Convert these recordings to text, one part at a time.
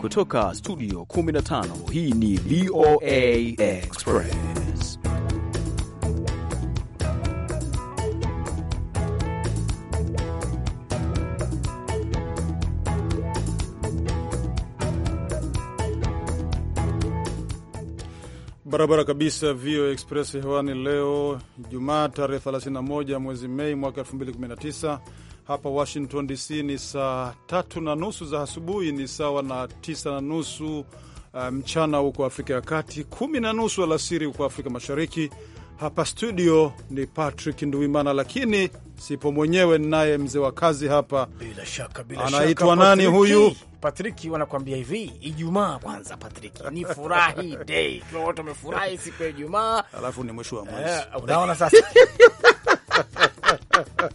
Kutoka studio 15 hii ni VOA Express. Barabara kabisa, VOA Express hewani leo Jumaa tarehe 31 mwezi Mei mwaka 2019. Hapa Washington DC ni saa tatu na nusu za asubuhi, ni sawa na tisa na nusu uh, mchana um, huko Afrika ya Kati, kumi na nusu alasiri huko Afrika Mashariki. Hapa studio ni Patrick Nduimana, lakini sipo mwenyewe, ninaye mzee wa kazi hapa. Bila shaka, bila anaitwa shaka, nani huyu? Patriki wanakuambia hivi, Ijumaa kwanza, Patriki ni furahi dei, wote wamefurahi siku ya Ijumaa, alafu ni mwisho wa mwezi, eh, unaona sasa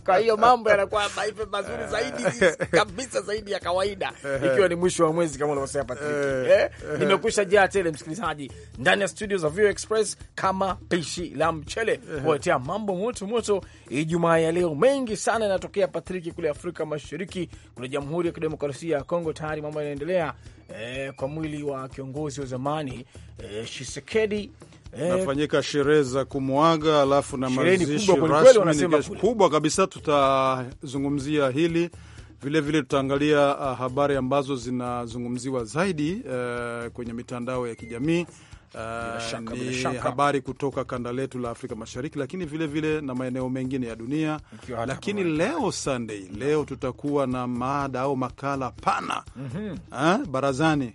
Kwa hiyo mambo yanakuwa maife mazuri eh. zaidi kabisa zaidi ya kawaida, eh. ikiwa ni mwisho wa mwezi kama unavyosema Patrick. Eh. eh, nimekusha jaa tele msikilizaji ndani ya studio za View Express kama pishi la mchele kuletea mambo moto moto Ijumaa ya leo. Mengi sana yanatokea Patrick kule Afrika Mashariki, kule Jamhuri ya Kidemokrasia ya Kongo tayari mambo yanaendelea eh, kwa mwili wa kiongozi wa zamani eh, Shisekedi Eh, nafanyika sherehe za kumwaga, alafu na mazishi rasmi kubwa kabisa. Tutazungumzia hili vilevile, tutaangalia ah, habari ambazo zinazungumziwa zaidi uh, kwenye mitandao ya kijamii Uh, ni habari kutoka kanda letu la Afrika Mashariki, lakini vilevile vile na maeneo mengine ya dunia. Lakini leo Sunday, leo tutakuwa na mada au makala pana mm -hmm. barazani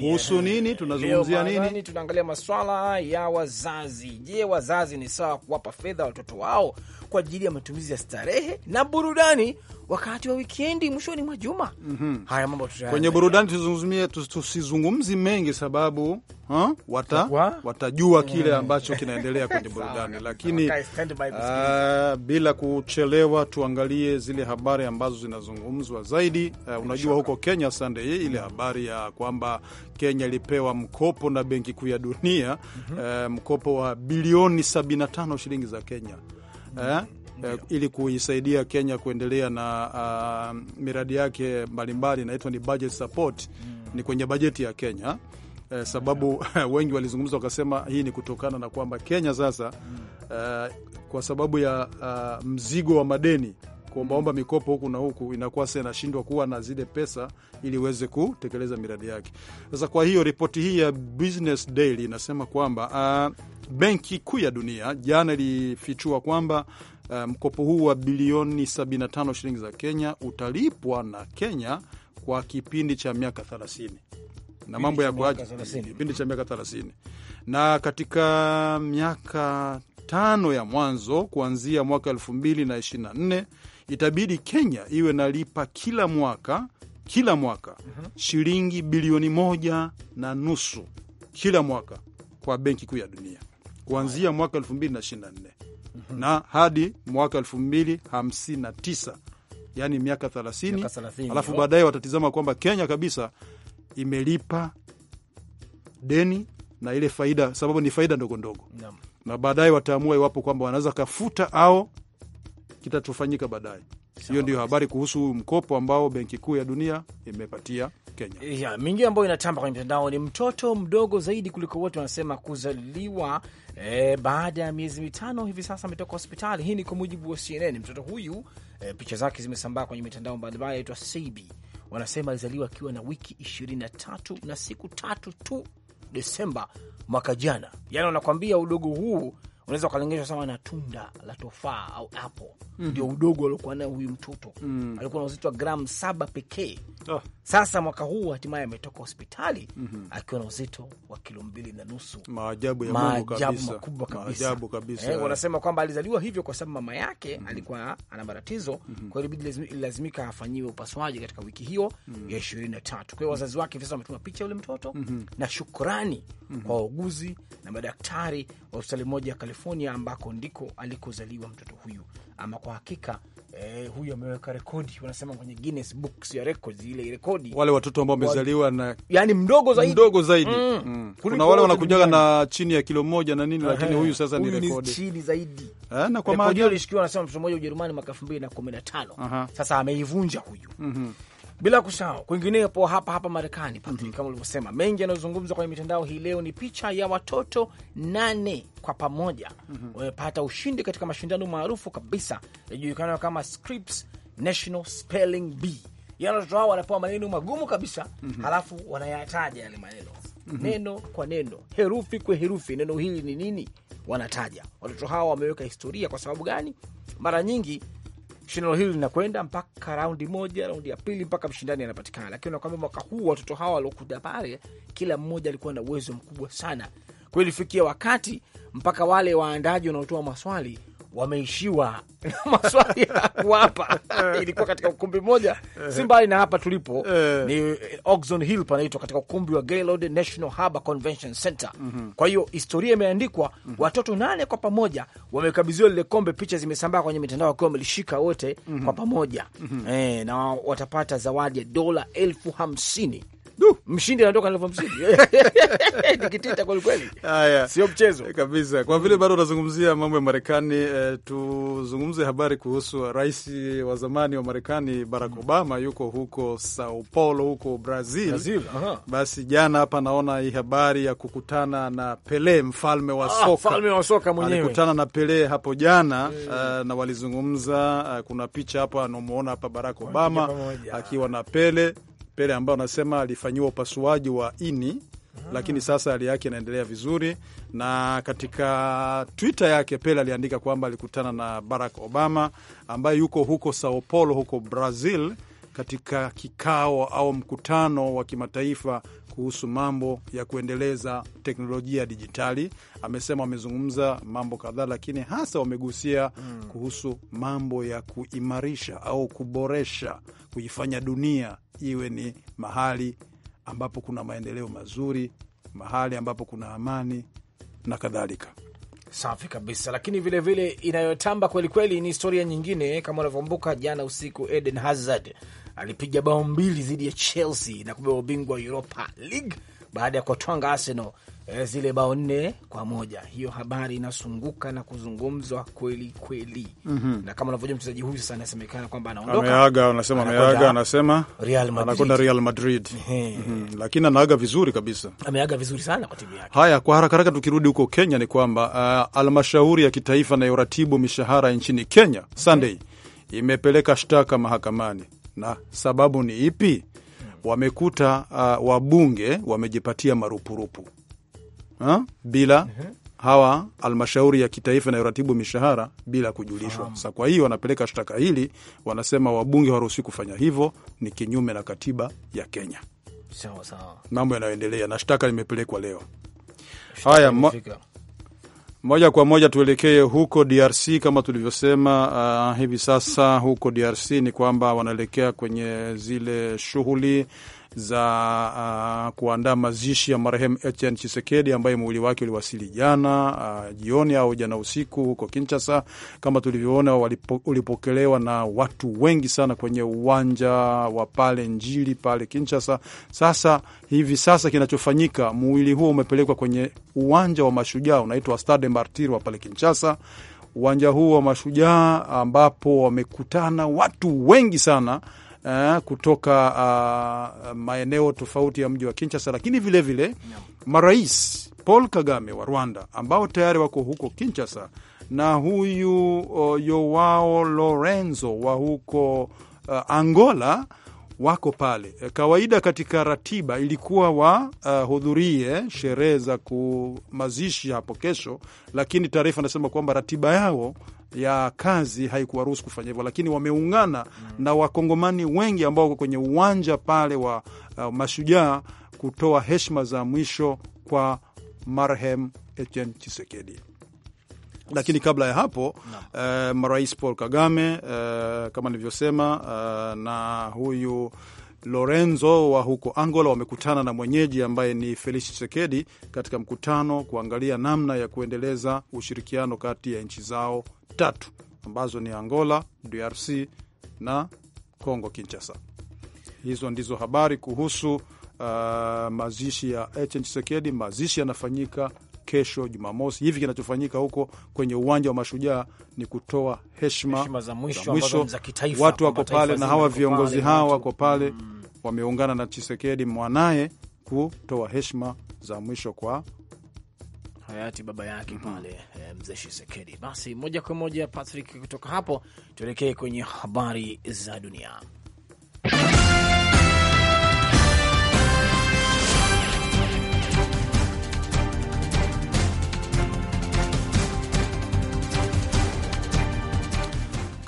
kuhusu yeah. nini tunazungumzia nini? Tunaangalia maswala ya wazazi. Je, wazazi ni sawa kuwapa fedha watoto wao kwa ajili ya matumizi ya starehe na burudani wakati wa wikendi mwishoni mwa juma? mm -hmm. Haya mambo kwenye burudani tusizungumzi mengi sababu Wata, watajua mm. kile ambacho kinaendelea kwenye burudani, lakini uh, bila kuchelewa tuangalie zile habari ambazo zinazungumzwa zaidi. Uh, unajua huko Kenya Sunday hii ile mm. habari ya kwamba Kenya ilipewa mkopo na Benki Kuu ya Dunia mm-hmm. uh, mkopo wa bilioni 75 shilingi za Kenya uh, ili kuisaidia Kenya kuendelea na uh, miradi yake mbalimbali inaitwa ni budget support mm. Ni kwenye bajeti ya Kenya eh, sababu wengi walizungumza wakasema hii ni kutokana na kwamba Kenya sasa eh, kwa sababu ya uh, mzigo wa madeni kuombaomba mm. mikopo huku na huku, inakuwa sasa inashindwa kuwa na zile pesa ili iweze kutekeleza miradi yake. Sasa kwa hiyo ripoti hii ya Business Daily inasema kwamba uh, Benki Kuu ya Dunia jana ilifichua kwamba uh, mkopo huu wa bilioni 75 shilingi za Kenya utalipwa na Kenya kwa kipindi cha miaka 30 na mambo ya kuaje kipindi cha miaka thelathini na katika miaka tano ya mwanzo kuanzia mwaka elfu mbili na ishirini na nne itabidi Kenya iwe nalipa kila mwaka kila mwaka uh mhm. -huh. shilingi bilioni moja na nusu kila mwaka kwa Benki Kuu ya Dunia kuanzia mwaka elfu mbili na ishirini na nne uh mhm. -huh. na hadi mwaka elfu mbili hamsini na tisa yani miaka thelathini alafu baadaye watatizama kwamba Kenya kabisa imelipa deni na ile faida, sababu ni faida ndogo ndogo yeah. Na baadaye wataamua iwapo kwamba wanaweza kafuta au kitachofanyika baadaye. Hiyo ndio habari kuhusu mkopo ambao Benki Kuu ya Dunia imepatia Kenya. Yeah, mingi ambayo inatamba kwenye mtandao ni mtoto mdogo zaidi kuliko wote wanasema kuzaliwa e, baada ya miezi mitano hivi sasa ametoka hospitali. Hii ni kwa mujibu wa CNN. Mtoto huyu e, picha zake zimesambaa kwenye mitandao mbalimbali, aitwa Sebi wanasema alizaliwa akiwa na wiki 23 na siku tatu tu Desemba mwaka jana. Yani wanakwambia udogo huu unaweza ukalengeshwa sama na tunda la tofaa au apple. mm -hmm. Ndio udogo aliokuwa nayo huyu mtoto mm alikuwa na uzito wa gramu saba pekee. oh. Sasa mwaka huu hatimaye ametoka hospitali mm -hmm. akiwa na uzito wa kilo mbili na nusu. Maajabu ya Mungu kabisa, makubwa kabisa, kabisa. Eh, eh, wanasema kwamba alizaliwa hivyo kwa sababu mama yake mm -hmm. alikuwa ana matatizo mm -hmm. kwa hiyo ilibidi ililazimika afanyiwe upasuaji katika wiki hiyo mm -hmm. ya ishirini na tatu. Kwa hiyo wazazi wake hivi sasa wametuma picha yule mtoto mm -hmm. na shukrani mm -hmm. kwa wauguzi na madaktari wa hospitali moja California ambako ndiko alikozaliwa mtoto huyu. Ama kwa hakika eh, huyu ameweka rekodi, wanasema kwenye Guinness Books ya records, ile rekodi wale watoto ambao wamezaliwa na yani mdogo zaidi, mdogo zaidi. Mm. Mm. Kuna wale wanakujaga na chini ya kilo moja na nini, lakini eh, huyu sasa ni rekodi chini zaidi eh, na kwa maana hiyo alishikiwa, wanasema mtoto mmoja Ujerumani mwaka 2015 sasa ameivunja huyu. mm -hmm bila kusahau kwinginepo hapa hapa Marekani, Patrick, mm -hmm. kama ulivyosema, mengi yanayozungumzwa kwenye mitandao hii leo ni picha ya watoto nane kwa pamoja mhm. wamepata mm -hmm. ushindi katika mashindano maarufu kabisa yajulikanayo kama Scripps National Spelling Bee. Yaani watoto hao wanapewa maneno magumu kabisa mm -hmm. halafu wanayataja yale maneno mm -hmm. neno kwa neno, herufi kwa herufi, neno hili ni nini wanataja. Watoto hawa wameweka historia. Kwa sababu gani? Mara nyingi shindano hili linakwenda mpaka raundi moja, raundi ya pili, mpaka mshindani anapatikana. Lakini nakwambia mwaka huu watoto hawa waliokuja pale, kila mmoja alikuwa na uwezo mkubwa sana, kwa ilifikia wakati mpaka wale waandaji wanaotoa maswali wameishiwa maswali ya kuwapa. Eh. Ilikuwa katika ukumbi mmoja eh. si mbali na hapa tulipo, eh. ni Oxon Hill panaitwa, katika ukumbi wa Gaylord National Harbor Convention Center. Mhm. Kwa hiyo historia imeandikwa, mhm. watoto nane kwa pamoja wamekabidhiwa lile kombe, picha zimesambaa kwenye mitandao wakiwa wamelishika wote mhm. kwa pamoja E, na watapata zawadi ya dola elfu hamsini mshindi anatoka na elfu hamsini kwelikweli, sio mchezo eh, kabisa. Kwa vile bado unazungumzia mambo ya Marekani eh, tuzungumze habari kuhusu rais wa zamani wa Marekani Barack Obama yuko huko Sao Paulo huko Brazil, Brazil. Basi jana hapa naona hii habari ya kukutana na Pele, mfalme wa ah, soka, ah, mfalme wa soka mwenyewe alikutana na Pele hapo jana yeah. Uh, eh, na walizungumza uh, kuna picha hapa anamwona hapa Barack Obama akiwa na Pele Pele ambayo anasema alifanyiwa upasuaji wa ini Ah. Lakini sasa hali yake inaendelea vizuri, na katika Twitter yake Pele aliandika kwamba alikutana na Barack Obama ambaye yuko huko Sao Paulo huko Brazil katika kikao au mkutano wa kimataifa kuhusu mambo ya kuendeleza teknolojia ya dijitali. Amesema wamezungumza mambo kadhaa, lakini hasa wamegusia hmm. kuhusu mambo ya kuimarisha au kuboresha, kuifanya dunia iwe ni mahali ambapo kuna maendeleo mazuri, mahali ambapo kuna amani na kadhalika. Safi kabisa, lakini vilevile inayotamba kwelikweli ni historia nyingine. Kama unavyokumbuka, jana usiku Eden Hazard alipiga bao mbili dhidi ya Chelsea na kubeba ubingwa wa Europa League baada ya kuwatwanga Arsenal eh, zile bao nne kwa moja. Hiyo habari inasunguka na kuzungumzwa kweli kweli, mm -hmm. na kama unavyojua mchezaji huyu sasa anasemekana kwamba anaondoka, ameaga, anasema ameaga, anasema anakwenda Real Madrid, mm -hmm. lakini anaaga vizuri kabisa, ameaga vizuri sana kwa timu yake. Haya, kwa haraka haraka, tukirudi huko Kenya ni kwamba uh, almashauri ya kitaifa inayoratibu mishahara nchini Kenya Sunday mm -hmm. imepeleka shtaka mahakamani na sababu ni ipi? Wamekuta uh, wabunge wamejipatia marupurupu ha? bila mhm. hawa almashauri ya kitaifa inayoratibu mishahara bila kujulishwa. Sasa kwa hiyo wanapeleka shtaka hili, wanasema wabunge hawaruhusi kufanya hivyo, ni kinyume na katiba ya Kenya. Mambo yanayoendelea na shtaka limepelekwa leo. Haya, moja kwa moja tuelekee huko DRC kama tulivyosema. Uh, hivi sasa huko DRC ni kwamba wanaelekea kwenye zile shughuli za uh, kuandaa mazishi ya marehemu Etienne Chisekedi ambaye mwili wake uliwasili jana uh, jioni au jana usiku huko kinchasa Kama tulivyoona, ulipokelewa na watu wengi sana kwenye uwanja wa pale Njili pale Kinchasa. Sasa hivi sasa kinachofanyika, mwili huo umepelekwa kwenye uwanja wa mashujaa unaitwa Stade Martir wa pale Kinshasa, uwanja huo wa mashujaa ambapo wamekutana watu wengi sana uh, kutoka uh, maeneo tofauti ya mji wa Kinshasa, lakini vilevile vile, marais Paul Kagame wa Rwanda ambao tayari wako huko Kinshasa na huyu uh, eh, Yowao Lorenzo wa huko uh, Angola wako pale. Kawaida katika ratiba ilikuwa wahudhurie uh, sherehe za kumazishi hapo kesho, lakini taarifa anasema kwamba ratiba yao ya kazi haikuwaruhusu kufanya hivyo, lakini wameungana mm. na wakongomani wengi ambao wako kwenye uwanja pale wa uh, mashujaa kutoa heshima za mwisho kwa marhem Etienne Tshisekedi. Lakini kabla ya hapo no. uh, marais Paul Kagame uh, kama nilivyosema uh, na huyu Lorenzo wa huko Angola wamekutana na mwenyeji ambaye ni Felix Chisekedi katika mkutano kuangalia namna ya kuendeleza ushirikiano kati ya nchi zao tatu ambazo ni Angola, DRC na Congo Kinshasa. Hizo ndizo habari kuhusu uh, mazishi ya Etienne Mazishi yanafanyika kesho Jumamosi hivi kinachofanyika huko kwenye uwanja wa Mashujaa ni kutoa heshima za mwisho. Watu wako pale na hawa viongozi hawa wako pale mm, wameungana na Chisekedi mwanaye kutoa heshima za mwisho kwa hayati baba yake pale mm -hmm. Mzee Chisekedi. Basi moja kwa moja, Patrick, kutoka hapo tuelekee kwenye habari za dunia.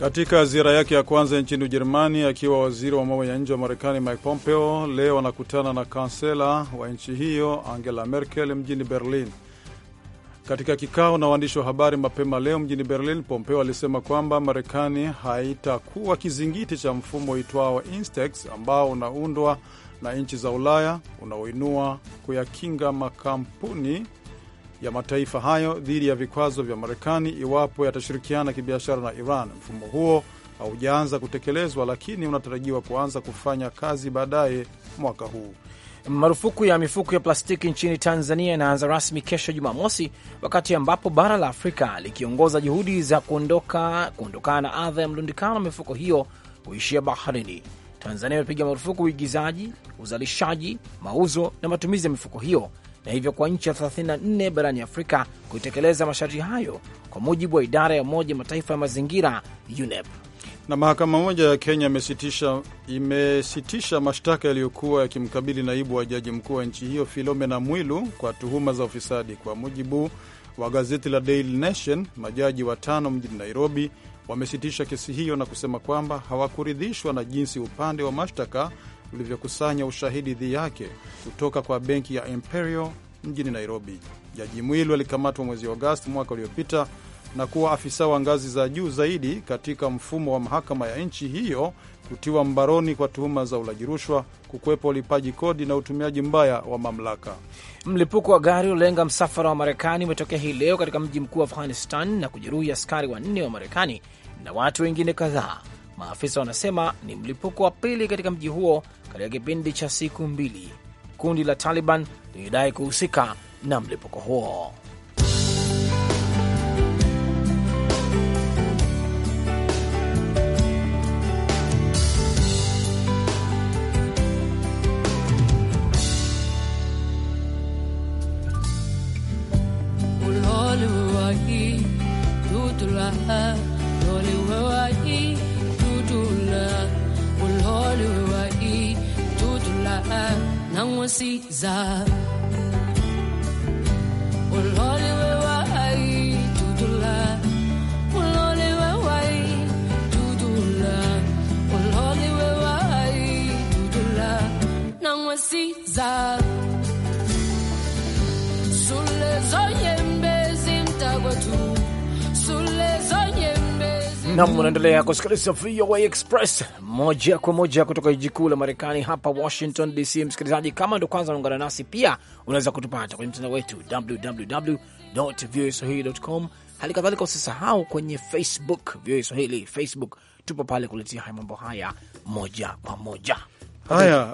Katika ziara yake ya kwanza nchini Ujerumani akiwa waziri wa mambo ya nje wa Marekani Mike Pompeo leo anakutana na kansela wa nchi hiyo Angela Merkel mjini Berlin. Katika kikao na waandishi wa habari mapema leo mjini Berlin, Pompeo alisema kwamba Marekani haitakuwa kizingiti cha mfumo uitwao INSTEX ambao unaundwa na nchi za Ulaya unaoinua kuyakinga makampuni ya mataifa hayo dhidi ya vikwazo vya Marekani iwapo yatashirikiana kibiashara na Iran. Mfumo huo haujaanza kutekelezwa, lakini unatarajiwa kuanza kufanya kazi baadaye mwaka huu. Marufuku ya mifuko ya plastiki nchini Tanzania inaanza rasmi kesho Jumamosi, wakati ambapo bara la Afrika likiongoza juhudi za kuondoka kuondokana na adha ya mlundikano wa mifuko hiyo kuishia baharini. Tanzania imepiga marufuku uigizaji, uzalishaji, mauzo na matumizi ya mifuko hiyo na hivyo kwa nchi ya 34 barani Afrika kutekeleza masharti hayo kwa mujibu wa idara ya Umoja Mataifa ya mazingira UNEP. Na mahakama moja ya Kenya imesitisha, imesitisha mashtaka yaliyokuwa yakimkabili naibu wa jaji mkuu wa nchi hiyo Filomena Mwilu kwa tuhuma za ufisadi. Kwa mujibu wa gazeti la Daily Nation, majaji watano mjini Nairobi wamesitisha kesi hiyo na kusema kwamba hawakuridhishwa na jinsi upande wa mashtaka vilivyokusanya ushahidi dhidi yake kutoka kwa benki ya Imperial mjini Nairobi. Jaji Mwilu alikamatwa mwezi Agosti mwaka uliopita na kuwa afisa wa ngazi za juu zaidi katika mfumo wa mahakama ya nchi hiyo kutiwa mbaroni kwa tuhuma za ulaji rushwa, kukwepa ulipaji kodi na utumiaji mbaya wa mamlaka. Mlipuko wa gari uliolenga msafara wa Marekani umetokea hii leo katika mji mkuu wa Afghanistan na kujeruhi askari wanne wa Marekani na watu wengine kadhaa Maafisa wanasema ni mlipuko wa pili katika mji huo katika kipindi cha siku mbili. Kundi la Taliban lilidai kuhusika na mlipuko huo. nangosiza uloliwe nangosiza nam unaendelea kusikiliza VOA Express moja kwa moja kutoka jiji kuu la Marekani hapa Washington DC. Msikilizaji, kama ndo kwanza unaungana nasi, pia unaweza kutupata kwenye mtandao wetu www voa Hali kadhalika usisahau kwenye Facebook VOA Swahili, Facebook tupo pale kuletia haya mambo haya moja kwa moja. Haya,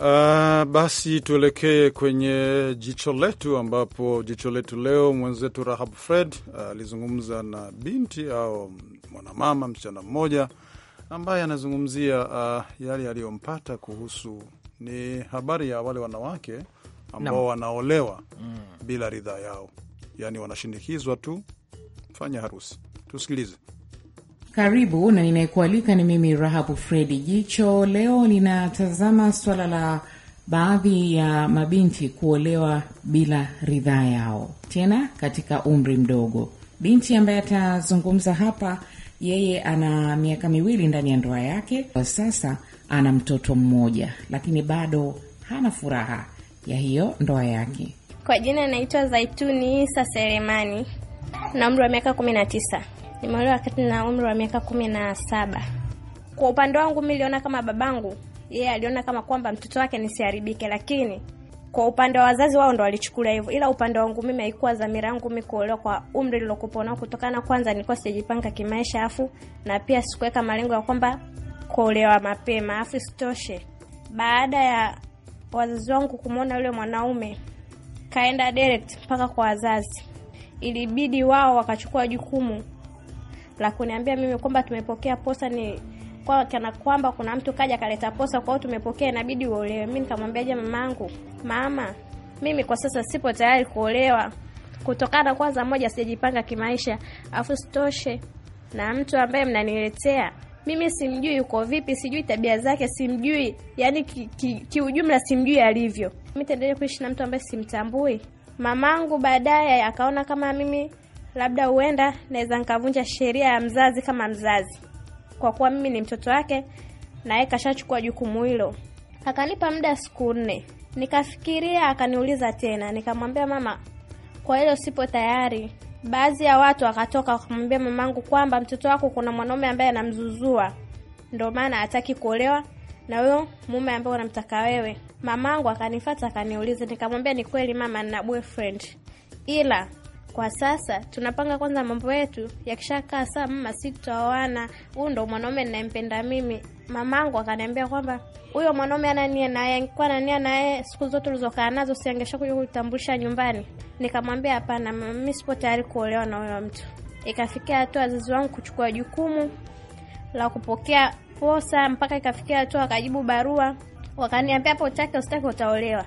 uh, basi tuelekee kwenye jicho letu, ambapo jicho letu leo mwenzetu Rahab Fred uh, alizungumza uh, na binti au mwanamama, msichana mmoja ambaye anazungumzia uh, yale yaliyompata kuhusu, ni habari ya wale wanawake ambao wanaolewa mm, bila ridhaa yao, yaani wanashinikizwa tu fanya harusi. Tusikilize. Karibu na ninayekualika ni mimi Rahabu Fredi. Jicho leo linatazama swala la baadhi ya mabinti kuolewa bila ridhaa yao, tena katika umri mdogo. Binti ambaye atazungumza hapa, yeye ana miaka miwili ndani ya ndoa yake kwa sasa, ana mtoto mmoja, lakini bado hana furaha ya hiyo ndoa yake. Kwa jina anaitwa Zaituni Isa Selemani na umri wa miaka kumi na tisa. Nimeolewa wakati na umri wa miaka kumi na saba. Kwa upande wangu mi niliona kama babangu yeye yeah, aliona kama kwamba mtoto wake nisiharibike, lakini kwa upande wa wazazi wao ndo walichukulia hivyo, ila upande wangu mimi haikuwa dhamira yangu mi kuolewa kwa umri nilokuwa nao, kutokana kwanza nilikuwa sijajipanga kimaisha, afu na pia sikuweka malengo ya kwamba kuolewa mapema, afu sitoshe baada ya wazazi wangu kumwona yule mwanaume kaenda direct mpaka kwa wazazi, ilibidi wao wakachukua jukumu la kuniambia mimi kwamba tumepokea posa ni kwa kana kwamba kuna mtu kaja kaleta posa, kwa hiyo tumepokea, inabidi uolewe. Mimi nikamwambia je, mamangu, mama, mimi kwa sasa sipo tayari kuolewa, kutokana kwanza, moja, sijajipanga kimaisha, afu sitoshe na mtu ambaye mnaniletea mimi simjui yuko vipi, sijui tabia zake, simjui yani kiujumla ki, ki simjui alivyo. Mimi taendelee kuishi na mtu ambaye simtambui. Mamangu baadaye akaona kama mimi labda huenda naweza nikavunja sheria ya mzazi kama mzazi, kwa kuwa mimi ni mtoto wake na yeye kashachukua jukumu hilo. Akanipa muda siku nne, nikafikiria. Akaniuliza tena, nikamwambia mama, kwa hilo sipo tayari. Baadhi ya watu wakatoka wakamwambia mamangu kwamba mtoto wako kuna mwanaume ambaye anamzuzua, ndio maana hataki kuolewa na huyo mume ambaye unamtaka wewe. Mamangu akanifata akaniuliza, nikamwambia ni kweli mama, nina boyfriend ila kwa sasa tunapanga kwanza mambo yetu, yakishakaa saa, mama, si tutaoana, huyu ndo mwanaume ninayempenda mimi. Mamangu akaniambia kwamba huyo mwanaume ananie naye, angekuwa nania naye siku zote ulizokaa nazo, siangesha kuja kutambulisha nyumbani? Nikamwambia hapana, mimi sipo tayari kuolewa na huyo mtu. Ikafikia hatua wazazi wangu kuchukua jukumu la kupokea posa, mpaka ikafikia hatua wakajibu barua, wakaniambia hapo, utake usitake utaolewa.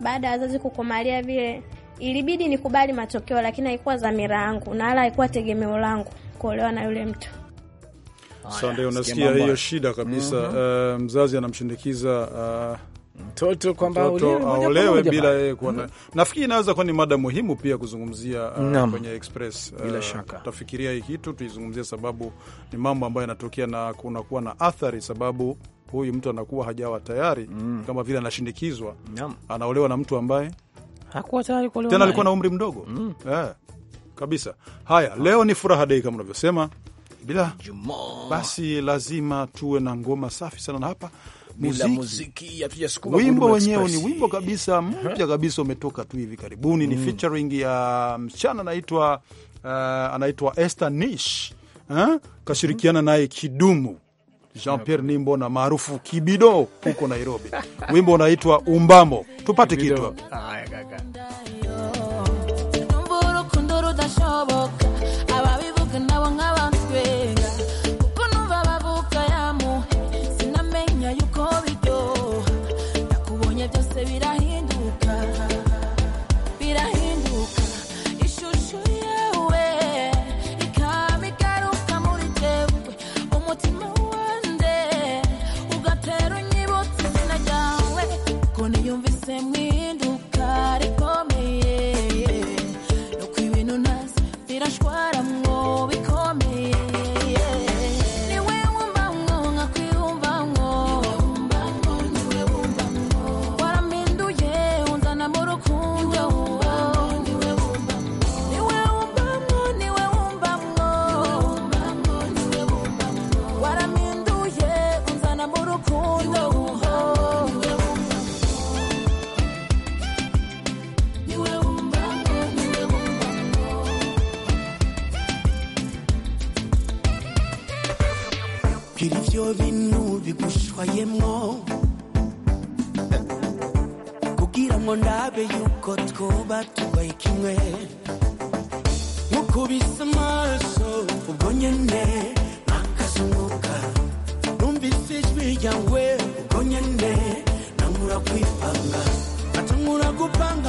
Baada ya wazazi kukumalia vile Ilibidi nikubali matokeo, lakini haikuwa dhamira yangu na wala haikuwa tegemeo langu kuolewa na yule mtu. Sande, unasikia hiyo shida kabisa. mm -hmm. Uh, mzazi anamshindikiza uh, mtoto kwamba aolewe bila yeye kuwa na. Mhm. Nafikiri inaweza kuwa ni mada muhimu pia kuzungumzia uh, kwenye Express uh, bila shaka tutafikiria hii kitu tuizungumzie, sababu ni mambo ambayo yanatokea na kunakuwa na athari, sababu huyu mtu anakuwa hajawa tayari mm. kama vile anashindikizwa, anaolewa na mtu ambaye hakuwa tayari kuolewa, tena alikuwa na umri mdogo mm. yeah. kabisa. Haya, leo ni furaha dei kama unavyosema bila basi, lazima tuwe na ngoma safi sana na hapa Muziki. Muziki, wimbo wenyewe ni wimbo kabisa mpya kabisa umetoka tu hivi karibuni mm. Ni featuring ya msichana anaitwa uh, anaitwa Esther Nish ha? Eh, kashirikiana naye Kidumu Jean Pierre Nimbo na maarufu Kibido huko Nairobi. Wimbo unaitwa Umbamo. Tupate kitu. tiras para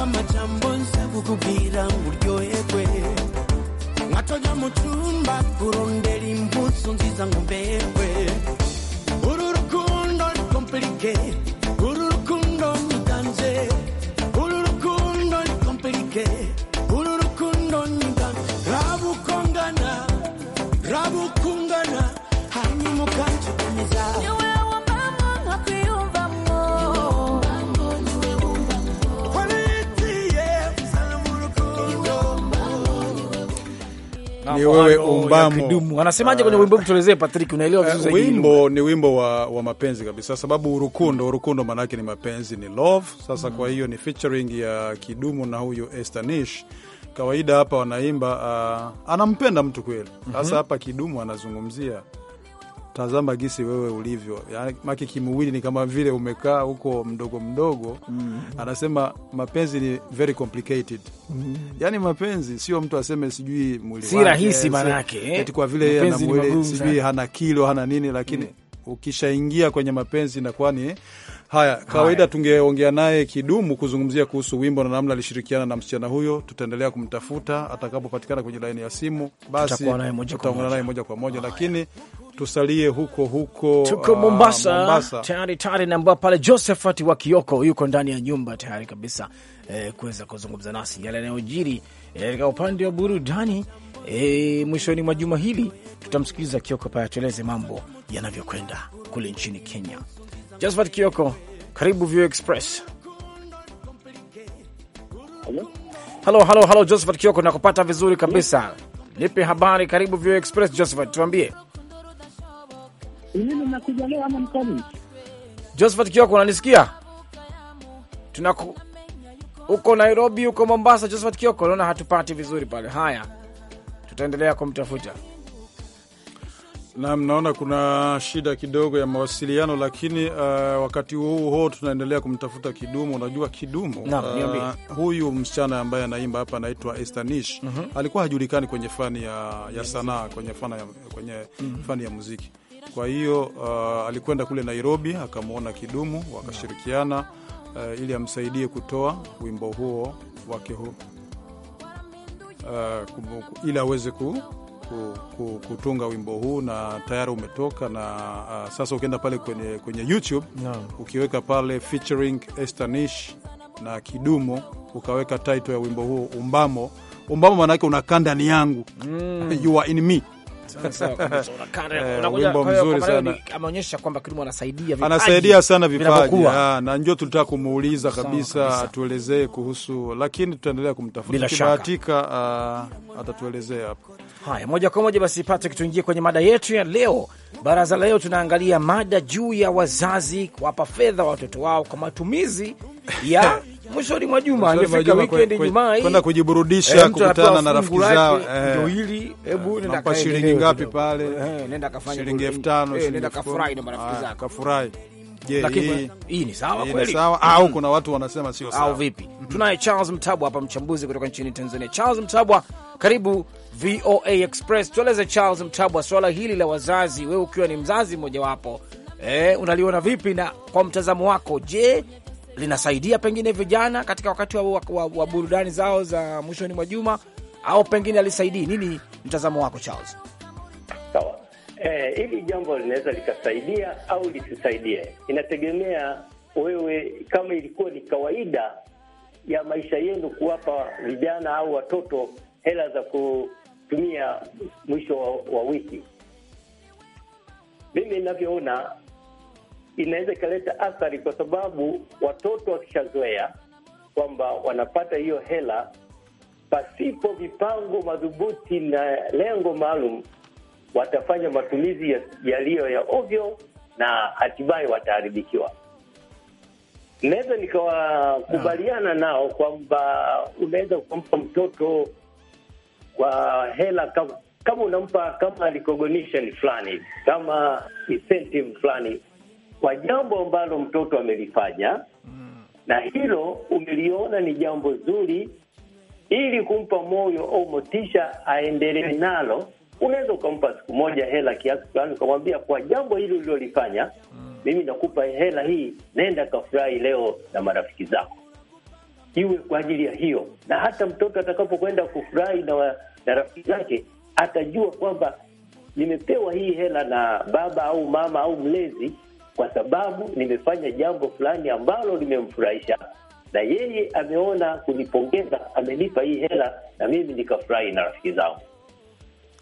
nanga amajambo nza kukubwira ngo uryoherwe nkatonya mu cyumba urondera imbuso nziza ngo mberwe uru rukundo ni kompirike uru rukundo ni ganje uru rukundo ni kompirike uru rukundo ni ganje raba uko ngana raba uko ungana hanyuma ukancukumiza ni wewe mama ni wewe umbamo Wanasemaje kwenye ah. wimbo? Tuelezee Patrick, unaelewa eh, vizuri zaidi. Wimbo ni wimbo wa, wa mapenzi kabisa, sababu urukundo, urukundo maana yake ni mapenzi, ni love. Sasa mm Kwa hiyo ni featuring ya kidumu na huyu Estanish kawaida hapa wanaimba uh, anampenda mtu kweli. Mhm. Sasa hapa kidumu anazungumzia tazama gisi wewe ulivyo, yani maki kimwili ni kama vile umekaa huko mdogo mdogo. mm -hmm. Anasema mapenzi ni very complicated. mm -hmm. Yani mapenzi sio mtu aseme sijui mwili si rahisi, manake eh? eti kwa vile ana mwili sijui hana kilo hana nini, lakini mm -hmm. ukishaingia kwenye mapenzi inakuwa ni Haya, kawaida tungeongea naye kidumu kuzungumzia kuhusu wimbo na namna alishirikiana na msichana huyo. Tutaendelea kumtafuta atakapopatikana kwenye laini ya simu, basi tutaungana naye moja kwa moja, lakini tusalie huko huko, tuko uh, Mombasa, Mombasa. Tayari tayari naambiwa pale Josephat wa Kioko yuko ndani ya nyumba tayari kabisa eh, kuweza kuzungumza nasi yale yanayojiri eh, katika eh, upande wa burudani eh, mwishoni mwa juma hili tutamsikiliza Kioko pale atueleze mambo yanavyokwenda kule nchini Kenya. Josephat Kioko, karibu View Express. Halo, halo, halo Josephat Kioko, nakupata vizuri kabisa. Nipe habari, karibu View Express Josephat, tuambie. Josephat Kioko, unanisikia? Tunaku uko Nairobi, uko Mombasa Josephat Kioko, naona hatupati vizuri pale. Haya, tutaendelea kumtafuta. Naam, naona kuna shida kidogo ya mawasiliano, lakini uh, wakati huu huo tunaendelea kumtafuta Kidumu. Unajua Kidumu na, uh, huyu msichana ambaye anaimba hapa anaitwa Estanish mm -hmm. alikuwa hajulikani kwenye fani ya, ya sanaa kwenye fani ya, kwenye mm -hmm. fani ya muziki. Kwa hiyo uh, alikwenda kule Nairobi akamwona Kidumu wakashirikiana uh, ili amsaidie kutoa wimbo huo wake huu uh, ili aweze ku kutunga wimbo huu na tayari umetoka na uh, sasa ukienda pale kwenye, kwenye YouTube yeah. ukiweka pale featuring Estanish na Kidumo ukaweka title ya wimbo huu umbamo umbamo, maanake una kandani yangu mm. you are in me Eh, wimbo mzuri sana, ameonyesha kwamba Kidumu anasaidia vipaji, anasaidia sana vipaji, ah, na ndio tulitaka kumuuliza kabisa atuelezee kuhusu, lakini tutaendelea kumtafuta, ah, atatuelezea hapo. Haya, moja kwa moja basi, Patrick, tuingie kwenye mada yetu ya leo. Baraza leo tunaangalia mada juu ya wazazi kuwapa fedha watoto wao kwa matumizi ya mwishoni mwa juma anafika weekend Ijumaa hii kwenda kujiburudisha, eh, kukutana na rafiki zao. Ndio eh, hili, hebu nenda kwa shilingi ngapi pale? Eh, nenda kafanya shilingi 5000, nenda kafurahi na marafiki zako, kafurahi. Je, hii hii ni sawa kweli? Sawa au kuna watu wanasema sio sawa au vipi? Tunaye Charles Mtabwa hapa, mchambuzi kutoka nchini Tanzania. Charles Mtabwa, karibu VOA Express. Tueleze Charles Mtabwa, swala hili la wazazi, wewe ukiwa ni mzazi mmojawapo Eh, unaliona vipi na kwa mtazamo wako, je, linasaidia pengine vijana katika wakati wa, wa, wa, wa burudani zao za mwishoni mwa juma au pengine alisaidii nini? Mtazamo wako Charles? Sawa. Eh, hili jambo linaweza likasaidia au lisisaidie, inategemea wewe kama ilikuwa ni kawaida ya maisha yenu kuwapa vijana au watoto hela za kutumia mwisho wa, wa wiki. Mimi ninavyoona inaweza ikaleta athari, kwa sababu watoto wakishazoea kwamba wanapata hiyo hela pasipo mipango madhubuti na lengo maalum, watafanya matumizi yaliyo ya, ya ovyo na hatimaye wataharibikiwa. Naweza nikawakubaliana nao kwamba unaweza kumpa mtoto kwa hela kama, kama unampa kama recognition fulani kama incentive fulani kwa jambo ambalo mtoto amelifanya mm. na hilo umeliona ni jambo zuri, ili kumpa moyo au motisha aendelee nalo, unaweza ukampa siku moja hela kiasi fulani, ukamwambia kwa jambo hili ulilolifanya mm. mimi nakupa hela hii, nenda kafurahi leo na marafiki zako, iwe kwa ajili ya hiyo. Na hata mtoto atakapokwenda kufurahi na, na rafiki zake atajua kwamba nimepewa hii hela na baba au mama au mlezi kwa sababu nimefanya jambo fulani ambalo limemfurahisha, na yeye ameona kunipongeza, amenipa hii hela na mimi nikafurahi na rafiki zangu.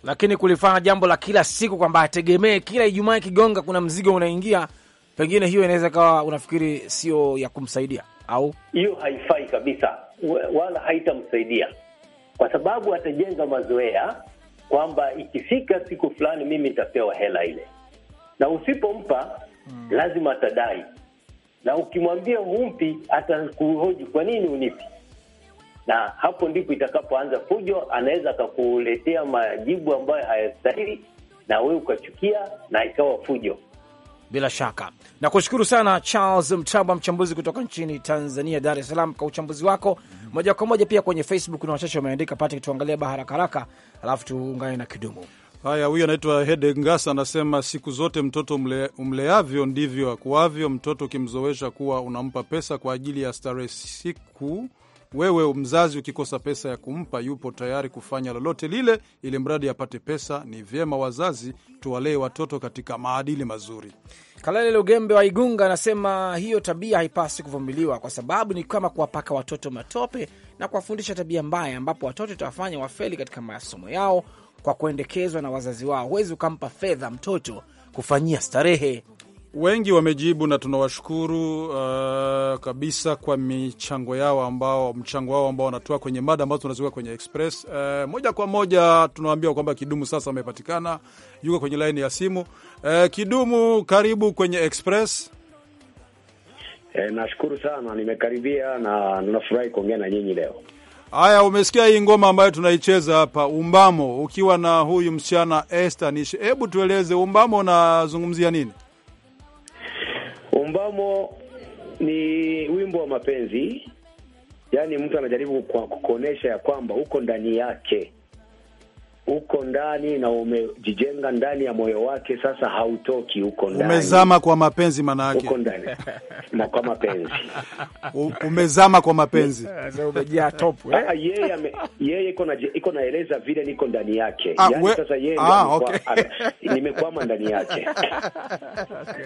Lakini kulifanya jambo la kila siku kwamba ategemee kila Ijumaa ikigonga kuna mzigo unaingia, pengine hiyo inaweza kawa unafikiri sio ya kumsaidia, au hiyo haifai kabisa, wala haitamsaidia kwa sababu atajenga mazoea kwamba ikifika siku fulani mimi nitapewa hela ile, na usipompa mm. lazima atadai, na ukimwambia humpi, atakuhoji kwa nini unipi, na hapo ndipo itakapoanza fujo. Anaweza akakuletea majibu ambayo hayastahili, na wewe ukachukia, na ikawa fujo. Bila shaka nakushukuru sana Charles mtabwa mchambuzi kutoka nchini Tanzania, Dar es Salaam, kwa uchambuzi wako mm-hmm. moja kwa moja. Pia kwenye Facebook na wachache wameandika, pate tuangalie ba haraka haraka, alafu tuungane na Kidumu. Haya, huyu anaitwa Hede Ngasa anasema siku zote mtoto mle, mleavyo ndivyo akuavyo. Mtoto ukimzoesha kuwa unampa pesa kwa ajili ya starehe, siku wewe mzazi ukikosa pesa ya kumpa, yupo tayari kufanya lolote lile, ili mradi apate pesa. Ni vyema wazazi tuwalee watoto katika maadili mazuri. Kalale Lugembe wa Igunga anasema hiyo tabia haipasi kuvumiliwa, kwa sababu ni kama kuwapaka watoto matope na kuwafundisha tabia mbaya, ambapo watoto itawafanya wafeli katika masomo yao kwa kuendekezwa na wazazi wao. Huwezi ukampa fedha mtoto kufanyia starehe. Wengi wamejibu na tunawashukuru uh, kabisa kwa michango yao ambao mchango wao ambao wanatoa kwenye mada ambazo tunaziweka kwenye Express. Uh, moja kwa moja tunawaambia kwamba Kidumu sasa amepatikana, yuko kwenye laini ya simu. Uh, Kidumu, karibu kwenye Express. E, nashukuru sana, nimekaribia na nafurahi kuongea na nyinyi leo. Haya, umesikia hii ngoma ambayo tunaicheza hapa Umbamo, ukiwa na huyu msichana Esther Nishi. Hebu tueleze Umbamo unazungumzia nini? Umbamo ni wimbo wa mapenzi, yaani mtu anajaribu kuonyesha ya kwamba uko ndani yake uko ndani na umejijenga ndani ya moyo wake, sasa hautoki. huko ndani, umezama kwa mapenzi, yake uko ndani kwa mapenzi umezama kwa mapenzi umejaa top eh. Ah, yeye ame, yeye iko na iko naeleza vile niko ndani yake ah, yani we... sasa yeye ah, okay. nimekwama ndani yake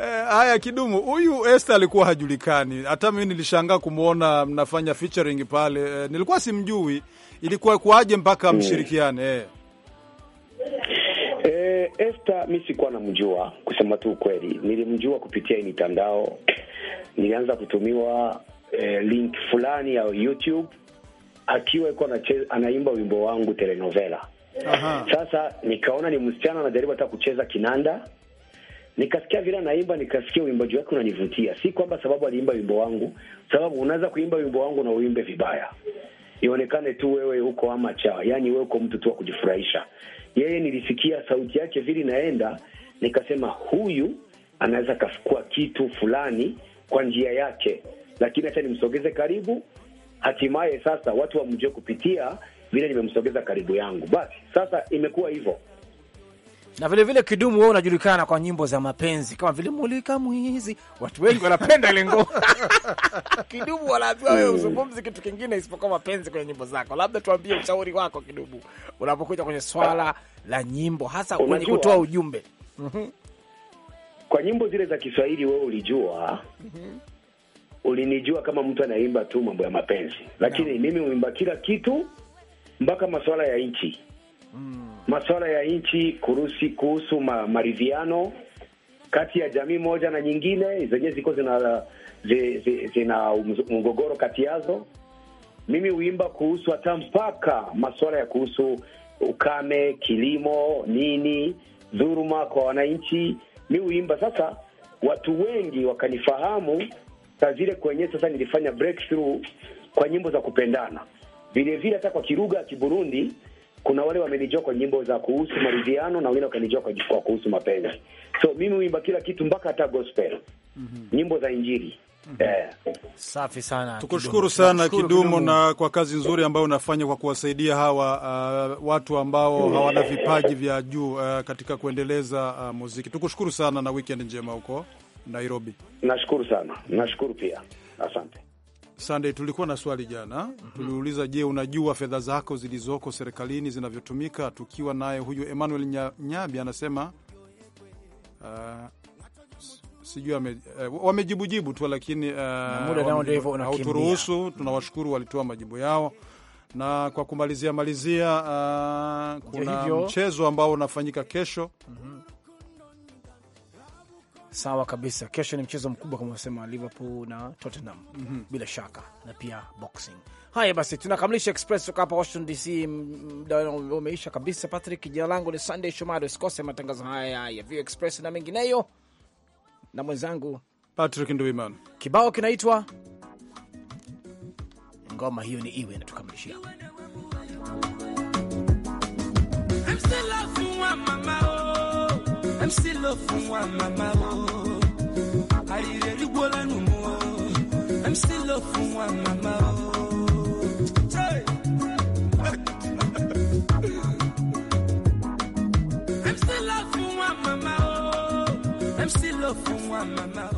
eh, haya. Kidumu huyu Esther alikuwa hajulikani, hata mimi nilishangaa kumwona mnafanya featuring pale, eh, nilikuwa simjui, ilikuwa kuaje mpaka hmm. mshirikiana tuelewane. Eh, Esther mi sikuwa namjua, kusema tu ukweli, nilimjua kupitia hii mitandao. Nilianza kutumiwa e, link fulani ya YouTube akiwa iko anaimba wimbo wangu telenovela. Aha. Sasa nikaona ni msichana anajaribu hata kucheza kinanda, nikasikia vile anaimba, nikasikia uimbaji wake unanivutia. Si kwamba sababu aliimba wimbo wangu, sababu unaweza kuimba wimbo wangu na uimbe vibaya ionekane tu wewe ama amacha, yaani wewe uko mtu tu wa kujifurahisha. Yeye nilisikia sauti yake vile inaenda, nikasema huyu anaweza kafukua kitu fulani kwa njia yake, lakini acha nimsogeze karibu, hatimaye sasa watu wamjue kupitia vile nimemsogeza karibu yangu. Basi sasa imekuwa hivyo na vile vile Kidumu, wewe unajulikana kwa nyimbo za mapenzi kama vile mulika mwizi, watu wengi wanapenda ile ngoma Kidumu, wanaambiwa wewe uzungumzi kitu kingine isipokuwa mapenzi kwenye nyimbo zako. Labda tuambie ushauri wako Kidumu, unapokuja kwenye swala la nyimbo, hasa kwenye kutoa ujumbe mm -hmm. kwa nyimbo zile za Kiswahili. Wewe ulijua mm -hmm. ulinijua kama mtu anaimba tu mambo ya mapenzi, lakini no. mimi uimba kila kitu mpaka masuala ya nchi mm. masuala ya nchi kurusi kuhusu ma, maridhiano kati ya jamii moja na nyingine zenyewe ziko zina zina mgogoro kati yazo. Mimi huimba kuhusu hata mpaka masuala ya kuhusu ukame, kilimo, nini, dhuruma kwa wananchi, mi huimba sasa. Watu wengi wakanifahamu saa zile kwenye sasa nilifanya breakthrough kwa nyimbo za kupendana, vilevile hata kwa kirugha ya Kiburundi kuna wale wamenijua kwa nyimbo za kuhusu maridhiano na wengine wakanijua kwa, kwa kuhusu mapenzi. So mimi huimba kila kitu mpaka hata gospel. Mm -hmm. Nyimbo za Injili. Mhm. Yeah. Safi sana. Tukushukuru sana Kidumu, Kidumu, na kwa kazi nzuri ambayo unafanya kwa kuwasaidia hawa uh, watu ambao mm. hawana vipaji vya juu uh, katika kuendeleza uh, muziki. Tukushukuru sana na weekend njema huko Nairobi. Nashukuru sana. Nashukuru pia. Asante. Sunday, tulikuwa na swali jana mm -hmm. Tuliuliza, je, unajua fedha zako zilizoko serikalini zinavyotumika? Tukiwa naye huyu Emmanuel Nyabi anasema uh, sijui ame, uh, wamejibujibu tu lakini uh, Tunawashukuru walitoa majibu yao, na kwa kumalizia malizia uh, kuna mchezo ambao unafanyika kesho mm -hmm. Sawa kabisa. Kesho ni mchezo mkubwa kama unasema, Liverpool na Tottenham mm -hmm. bila shaka na pia boxing. Haya basi, tunakamilisha Express kutoka hapa Washington DC. Mda umeisha kabisa, Patrick. Jina langu ni Sunday Shomari. Usikose matangazo haya ya View Express na mengineyo na mwenzangu Patrick Nduiman. Kibao kinaitwa ngoma hiyo ni iwe, natukamilishia I'm still love for one mama. Oh. I really no more. I'm still love for one oh. mama. Oh. I'm still love for one mama. I'm still love one mama.